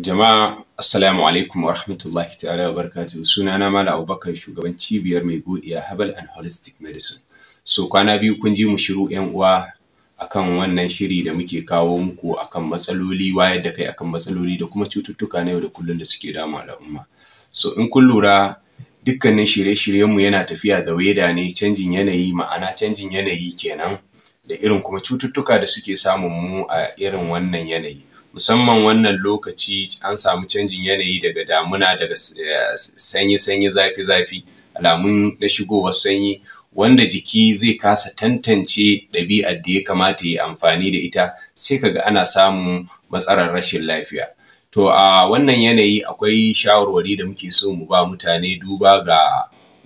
Jama'a Assalamu alaikum wa rahmatullahi ta'ala wa suna na Mala Abubakar shugaban cibiyar mai godiya Herbal and Holistic Medicine. So kwana biyu kun ji mu shiru 'yan uwa akan wannan shiri da muke kawo muku akan matsaloli wayar da kai akan matsaloli da kuma cututtuka na yau da kullum da suke damu al'umma. So in kun lura dukkanin shirye shiryen mu yana tafiya da weda ne canjin yanayi ma'ana canjin yanayi kenan da irin kuma cututtuka da suke samun mu a irin wannan yanayi. musamman wannan lokaci an samu canjin yanayi daga damuna daga eh, sanyi-sanyi zafi-zafi alamun na shigowar sanyi wanda jiki zai kasa tantance ɗabi'ar da ya kamata ya amfani da ita sai kaga ana samun matsalar rashin lafiya to a wannan yanayi akwai shawarwari da muke so mu ba mutane duba ga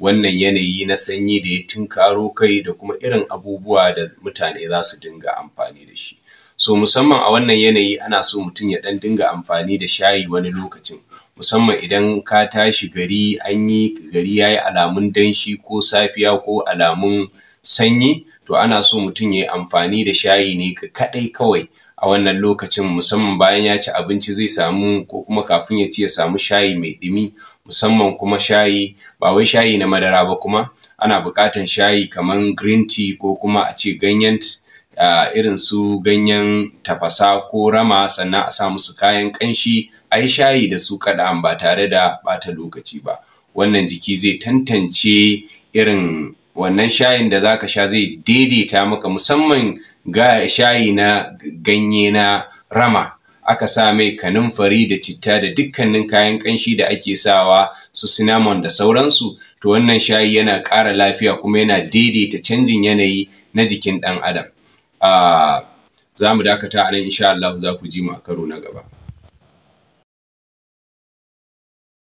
wannan yanayi na sanyi da ya tunkaro kai da kuma irin abubuwa da mutane za su dinga amfani da shi so musamman a wannan yanayi ana so mutum ya ɗan dinga amfani da shayi wani lokacin musamman idan ka tashi gari an yi gari ya yi alamun danshi ko safiya ko alamun sanyi to ana so mutum ya yi amfani da shayi ne kaɗai kawai a wannan lokacin musamman bayan ya ci abinci zai samu ko kuma kafin ya ci ya samu shayi mai ɗumi musamman kuma shayi ba wai shayi na madara ba kuma ana buƙatan shayi kamar green tea ko kuma a ce ganyen irin su ganyen tafasa ko rama sannan a sa musu kayan ƙanshi a yi shayi da su kaɗan ba tare da bata lokaci ba wannan jiki zai tantance irin wannan shayin da zaka sha zai daidaita maka musamman ga shayi na ganye na rama aka sa mai kanumfari da citta da dukkanin kayan ƙanshi da ake sawa su cinnamon da sauransu to wannan shayi yana ƙara lafiya kuma yana daidaita canjin yanayi na jikin ɗan adam za mu dakata a nan insha Allah za ku ji mu a karo na gaba